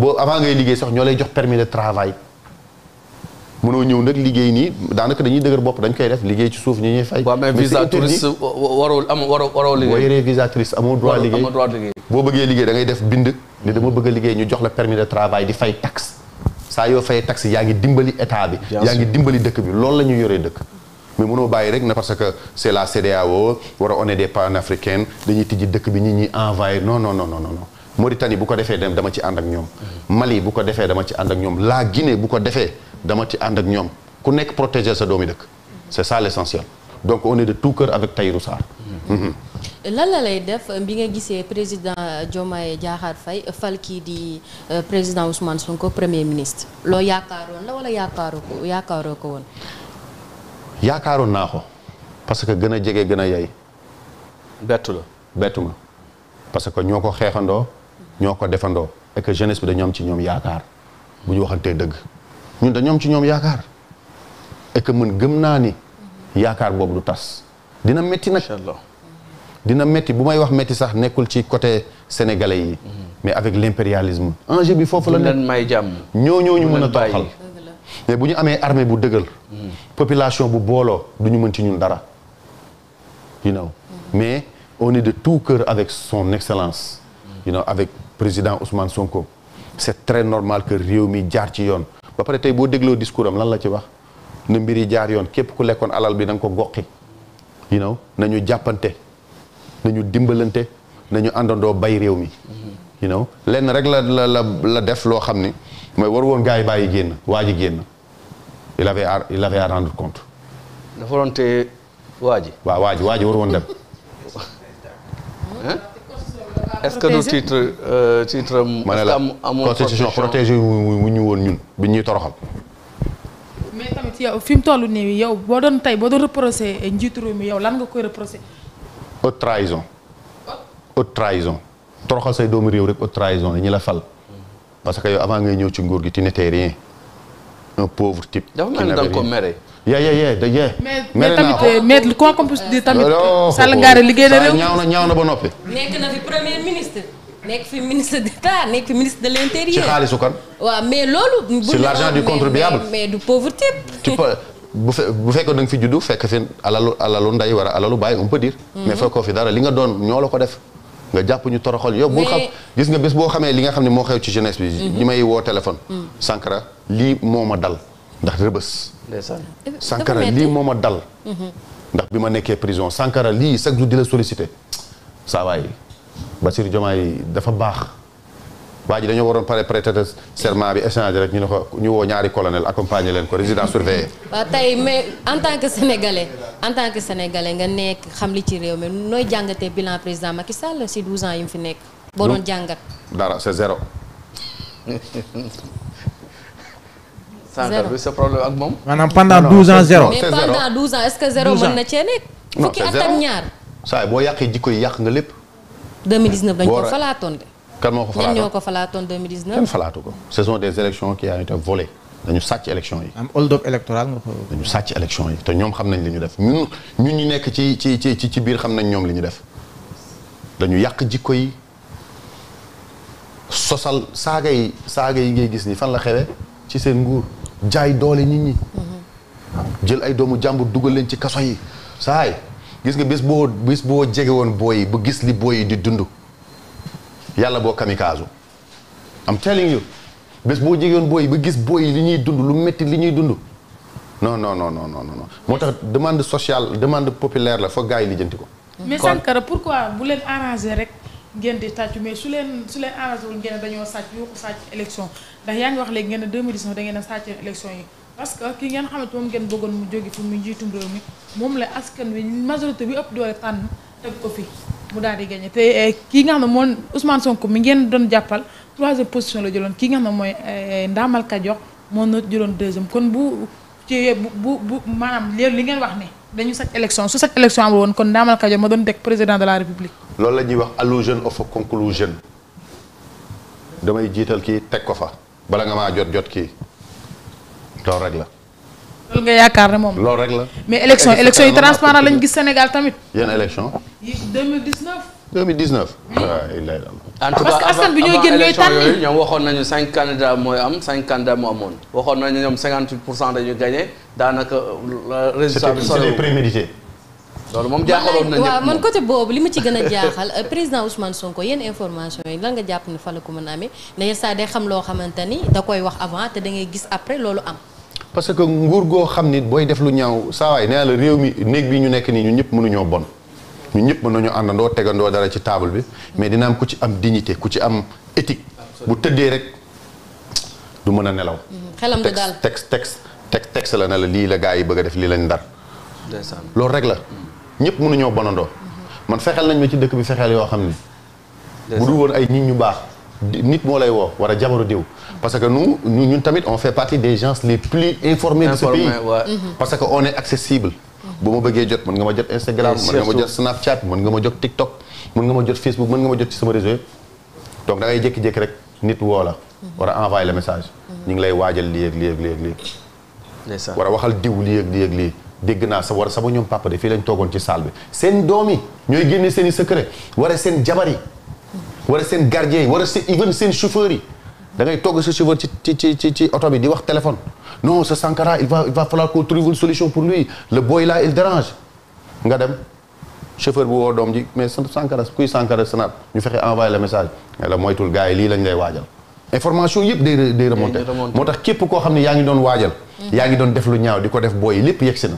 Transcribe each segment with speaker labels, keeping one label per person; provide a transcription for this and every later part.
Speaker 1: boo avant ngay liggéey sax ñoo lay jox permis de travail mënoo ñëw nag liggéey nii daanaka dañuy dëgër bopp dañ koy def liggéey ci suuf ñu ñuy fay. boo am waroo waroo liggéey. boo yoree visa amoo droit liggéey amoo droit liggéey. boo bëggee liggéey da ngay def bind ni dama bëgg a liggéey ñu jox la permis de travail di fay taxe saa yoo fayee taxe yaa ngi dimbali état bi. yaa ngi dimbali dëkk bi loolu la ñu yoree dëkk. mais mënoo bàyyi rek na parce que c'est la CEDEAO war a on est des panafricains dañuy tijji dëkk bi nit ñi envoyé non non non non Mauritanie bu ko defee dem dama ci ànd ak ñoom Mali bu ko defee dama ci ànd ak ñoom laa Guinée bu ko defee dama ci ànd ak ñoom ku nekk protéger sa doomi dëkk c'est ça l'essentiel donc on est de tout cœur avec Tahirou Sarr mm-hmm. Mm-hmm.
Speaker 2: lan la lay def euh, bi nga gisee président euh, Diomaye Diakhar Faye euh, fal kii di président Ousmane ko premier ministre loo yaakaaroon la wala yaakaaru ko yaakaaroo ko woon
Speaker 1: yaakaaroon naa ko parce que gën a jege gën a yey bettu la bettu ma parce que ñoo ko xeexandoo ñoo ko defandoo et que jeunesse bi dañoo am ci ñoom yaakaar bu ñu waxantee dëgg ñun dañoo am ci ñoom yaakaar et que man gëm naa ni yaakaar boobu du tas dina métti nag dina métti bu may wax métti sax nekkul ci côté sénégalais yi mm-hmm. mais avec l'impérialisme enjeu bi foofu la leen may jàmm ñoo ñu mën a tooxal mais bu ñu amee armée bu dëgër mm-hmm. population bu booloo du ñu mën ci ñun dara you know mm-hmm. mais au est de tout cœur avec son excellence you know avec président Ousmane Sonko c'est très normal que réew mi jaar ci yoon ba pare tey boo dégloo discours am lan la ci wax na mbir yi jaar yoon képp ku lekkoon alal bi na nga ko goqi you know nañu jàppante nañu dimbalante nañu àndandoo bay réew mi you lenn rek la la la la def loo xam ni mooy war woon gars yi bàyyi génn waa ji génn il avait à il avait à rendre compte dafa doon téye waa ji waaw waa ji waa ji war woon dem
Speaker 3: est-ce que du titre
Speaker 1: euh, titre ma ne la constitution protégé wu ñu woon ñun bi ñuy toroxal.
Speaker 3: mais tamit fi mu toll nii yow boo doon tey boo doon reproché njiitu réew mi yow lan nga koy reproché.
Speaker 1: haute trahison. haute trahison. toroxal say doomu réew rek haute trahison la ñu la fal. parce que yow avant ngay ñëw ci nguur gi tu n'étais rien. un pauvre type. qui n'avait rien dafa ko mere. ye ye ye da ye. mais tamit euh,
Speaker 3: mais quoi tamit. Oh, oh, oh, Sall Ngaare liggéey na réew. ñaaw na ñaaw na
Speaker 1: ba noppi.
Speaker 2: nekk na fi premier ministre. nekk fi nekk fi ministre de l'intérieur. ci xaalisu kan. waaw mais loolu.
Speaker 1: bu fe bu fi juddu fekk fi alalu alalu nday war a alalu bàyyi on peut mhm. mais fekkoo fi dara li nga doon ñoo la ko def. nga jàpp ñu toroxol yow bu xam gis nga bés boo xamee li nga xam ne moo xew ci jeunesse bi. ñi mhm. may woo téléphone. Mhm. Sankara lii moo ma dal. ndax rëbës.
Speaker 3: Sankara lii moo ma dal. Mhm.
Speaker 1: ndax bi ma nekkee prison Sankara lii chaque jour di la sollicité saa waay Bassirou Diomaye dafa baax. waa ji dañoo waroon pare prêter serment bi échanger rek ñu ne ko ñu woo ñaari colonel accompagner leen ko résident surveillée.
Speaker 2: waaw tey mais en tant que sénégalais en tant que sénégalais nga nekk xam li ci réew mi nooy jàngatee bilan président Macky Sall si 12 ans yi mu fi nekk. boo doon jàngat.
Speaker 1: dara c'est zéro.
Speaker 3: sànqal bi sa problème ak moom. maanaam pendant 12 ans
Speaker 1: zéro. mais pendant
Speaker 2: 12 zéro mën na cee nekk. fukki at ñaar.
Speaker 1: saa yi boo yàqee jikko yi yàq nga lépp.
Speaker 2: 2019 dañ ko falaatoon de.
Speaker 1: kan moo ko ñoo ko
Speaker 2: falaatoon 2019. kenn
Speaker 1: falaatu ko ce des élections qui ont été volées dañu sàcc élection yi. am hold up électoral nga ko. dañu yi te ñoom xam nañ lu ñu def ñun ñun ñu nekk ci ci ci ci biir xam nañ ñoom li ñu def dañu yàq jikko yi sosal saaga yi saaga yi ngay gis ni fan la xewee ci seen nguur. jaay doole nit ñi. Mm-hmm. Ah, jël ay doomu jàmbur dugal leen ci kaso yi saay gis nga bés boo bés boo jege woon booy yi ba gis li booy di dund yàlla boo kamikaasu am telling you bés boo jege booy ba gis booy li ñuy dund lu metti li ñuy dund non non non non non moo tax demande sociale demande populaire la foog gars yi lijjanti ko.
Speaker 3: mais Sankara pourquoi bu leen arranger rek. ngeen di tàcc mais su leen su leen arrangé wul ngeen dañoo sàcc yuuxu sàcc élection ndax yaa ngi wax léegi ngeen ne 2019 da ngeen a sàcc élection yi parce que ki ngeen xamante moom ngeen bëggoon mu jóge fi mu njiitum réew mi moom la askan wi majorité bi ëpp doole tànn teg ko fi mu daal di gagné te eh, kii nga xam ne moom Ousmane sonk mi ngeen doon jàppal troisième position la jëloon kii nga xam ne mooy eh, Ndamal Kajoor moo na jëloon deuxième kon bu ci bu bu maanaam léegi li ngeen wax ne dañu sàcc élection su sàcc élection amul woon kon président de la république
Speaker 1: loolu la ñuy wax allusion of a conclusion damay jiital kii teg ko fa bala nga maa jot jot kii loolu rek la.
Speaker 3: loolu nga yaakaar ne moom.
Speaker 1: loolu rek la mais élection élection yi transparent lañ
Speaker 3: gis Sénégal tamit. yéen élection. yi 2019.
Speaker 1: 2019. en tout cas
Speaker 3: parce que askan bi ñooy gën ñooy ñoom waxoon nañu cinq candidats mooy am cinq candidats moo amoon waxoon nañu ñoom 58 pour cent dañuy gagné daanaka euh, résultat bi. c'était prémédité. loolu moom jaaxaloon na ñëpp waaw man
Speaker 2: boobu li ma ci gën a jaaxal euh, président Ousmane Sonko yenn information yi lan nga jàpp ne fa la ko mën a amee ne saa day xam loo xamante ni da koy wax avant te da ngay gis après loolu am.
Speaker 1: parce que nguur goo xam ni booy def lu ñaw saa waay nee la réew mi néeg bi ñu nekk nii ñun ñëpp mënuñoo bon ñun ñëpp mën nañu àndandoo tegandoo dara ci table bi mais dina am ku ci am dignité ku ci am éthique. bu tëddee rek du mën a nelaw. Mm-hmm. xelam du daal texte texte texte la ne la lii la gaa yi bëgg a def lii lañ ndar. loolu rek la. ñëpp mënuñoo bonandoo man fexeel nañ ma ci dëkk bi fexeel yoo xam ni bu dul woon ay nit ñu baax nit moo lay woo war a jabaru diw parce que ñu ñun tamit on fait partie des gens les plus informés de ce pays mhm. parce que on est accessible bu ma bëggee jot mën nga ma jot Instagram mën nga ma jot Snapchat mën nga ma jot TikTok mën nga ma jot Facebook mën nga ma jot ci sama réseau yëpp donc da ngay jékki-jékki rek nit woo la war a envoyé message mhm. ñu ngi lay waajal lii ak lii ak lii ak lii war a waxal diw lii ak lii lii dégg naa sa war sama ñoom papa de fii lañ toogoon ci salle bi seen doom yi ñooy génne seen i secret wala seen jabar yi wala seen gardien yi wala seen even seen chauffeur yi da ngay togg sa chauffeur ci ci ci ci oto bi di wax téléphone non sa Sankara il va il va falloir solution pour lui le boy la il dérange nga dem chauffeur bu woo doom ji mais Sankara kuy Sankara Sénat ñu fexe envoyé le message mais la moytul gars lii lañ lay waajal information yëpp day day remonté moo képp koo xam ne yaa ngi doon waajal mm. yaa ngi doon def lu ñaaw di ko def booy lépp yegsi na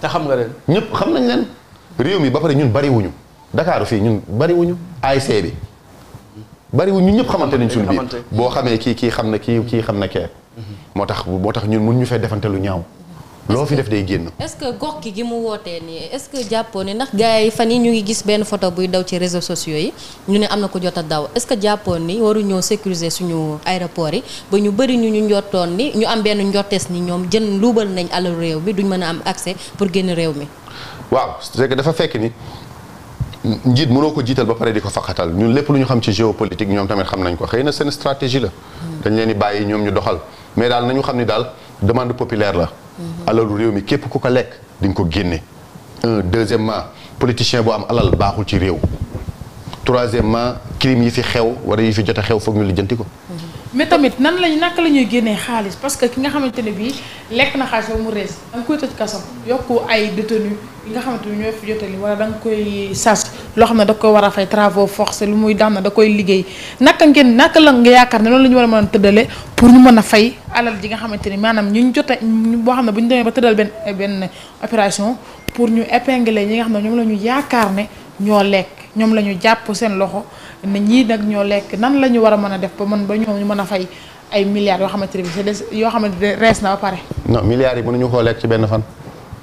Speaker 1: te xam nga leen. ñëpp xam nañ leen réew mi ba pare ñun bariwuñu ndakaaru fii ñun bariwuñu wuñu ASC bi bari wuñu ñëpp xamante nañ suñu biir boo xamee kii kii xam na kii kii xam na kee. Mm-hmm. moo tax moo tax ñun mun ñu fee defante lu ñaaw. loo fi def day génn.
Speaker 2: est-ce que gox gi mu wootee nii est-ce que jàppoo ni ndax gars yi fan yi ñu ngi gis benn photo buy daw ci réseaux sociaux yi ñu ne am na ko jot a daw est-ce que jàppoon ni waru ñoo sécuriser suñu aéroport yi ba ñu bëri ñu ñu njottoon ni ñu am benn njortees ni ñoom jën luubal nañ alal réew mi duñ mën a am accès pour génn réew mi.
Speaker 1: waaw c'est que dafa fekk ni njiit mënoo ko jiital ba pare di ko faxatal ñun lépp lu ñu xam ci géopolitique ñoom tamit xam nañ ko xëy na seen stratégie la. Hmm. dañ leen di bàyyi ñoom ñu doxal mais daal nañu xam ni daal demande populaire la alalu réew mi képp ku ko lekk di ko génne un deuxièmement politicien bu am alal baaxul ci réew troisièmement crime yi fi xew wala yi fi jot a xew foog ñu lijjanti ko
Speaker 3: mais tamit nan lañ naka la ñuy génnee xaalis parce que ki nga xamante ne bii lekk na xaalis ba mu rees da koy tëj kasam yokku ay détenu yi nga xamante ne ñoo fi jotali wala koy sas loo xam ne da koy war a fay travaux forcés lu muy daan da koy liggéey naka ngeen naka la nga yaakaar ne loolu la ñu war a mën a pour ñu mën a fay alal ji nga xamante ni maanaam ñu jote boo xam ne bu ñu demee ba tëddal benn benn opération pour ñu épingler ñi nga xam ne ñoom la ñu yaakaar ne ñoo lekk ñoom la ñu jàpp seen loxo ne ñii nag ñoo lekk nan la ñu war a mën a def ba mën ba ñoom ñu mën a fay ay milliards yoo xamante ne bii c'est yoo xamante ne rees na ba pare.
Speaker 1: non milliards yi mënuñu koo lekk ci benn fan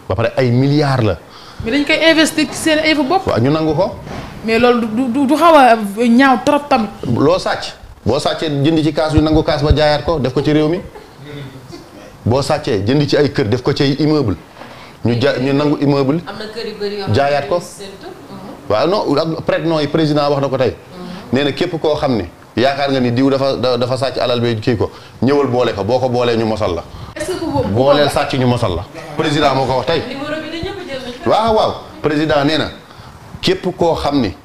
Speaker 1: ba pare ay milliards la.
Speaker 3: mais koy investir seen ay bopp. waaw ñu nangu ko. mais loolu du du xaw a ñaaw trop tamit.
Speaker 1: loo sàcc boo sàccee jënd ci kaas yu nangu kaas ba jaayaat ko def ko ci réew mi boo sàccee jënd ci ay kër def ko ci ay immeuble ñu ja ñu nangu immeuble. jaayaat ko. Uh-huh. waaw non ak prête yi président wax na ko tey. nee na képp koo xam ne yaakaar nga ni diw dafa dafa sàcc alal bi kii ko ñëwal boole fa boo ko boolee ñu masal la. booleel sàcc ñu masal la. président moo ko wax tey. waaw waaw président nee na képp koo xam ni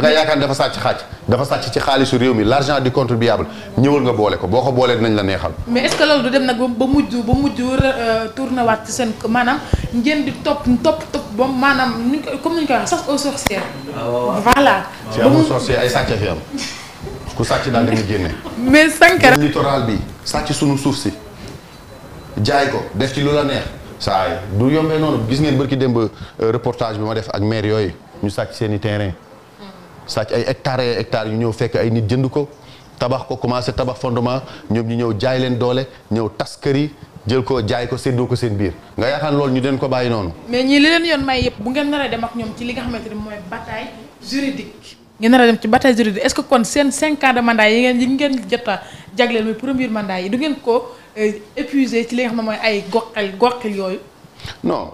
Speaker 1: da yaakaar ne dafa sàcc xaaj dafa sàcc ci xaalisu réew mi l'argent du contribuable ñëwal nga boole ko boo ko boolee nañu la neexal.
Speaker 3: mais est-ce que loolu du dem nag ba mujj ba mujj euh, tourné waat ci seen maanaam ngeen di topp topp topp ba maanaam ni comme ni ñu koy waxee chasse aux sorcières. Ah, voilà. ba mu sorcière
Speaker 1: ay sàcc fi am ku sàcc daal da nga génne. mais Sankara littoral bi sàcc suñu suuf si jaay ko def ci lu la neex. saay du yombee noonu gis ngeen bërki démb euh, reportage bi ma def ak maire yooyu ñu sàcc seen i terrain. sàcc ay hectares ectare yu ñëw fekk ay nit jënd ko tabax ko commencé tabax fondement ñoom ñu ñëw jaay leen doole ñëw tas kër yi jël ko jaay ko séddoo ko seen biir nga yaakaar loolu ñu den ko bàyyi noonu.
Speaker 3: mais ñii li leen yoon may yëpp bu ngeen nar a dem ak ñoom ci li nga xamante ne mooy bataille juridique. ngeen a dem ci bataille juridique est-ce que kon seen cinquante ans de mandat yi ngeen yi ngeen jot a jagleel muy yi du ngeen ko euh, épuisé ci li nga xam ne mooy ay goxel goxel yooyu. non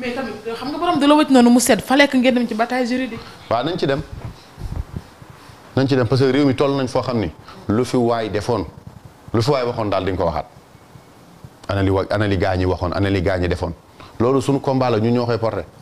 Speaker 3: mais euh, xam nga borom da la wëcc noonu mu sedd fa lekk ngeen dem ci bataille juridique.
Speaker 1: waaw nañ ci dem nañ ci dem parce que réew mi toll nañ foo xam ni lu fi waay defoon lu fi waay waxoon daal dañ ko waxaat ana li wa ana li ñi waxoon ana li gaa ñi defoon loolu suñu combat la ñu ñoo koy porté.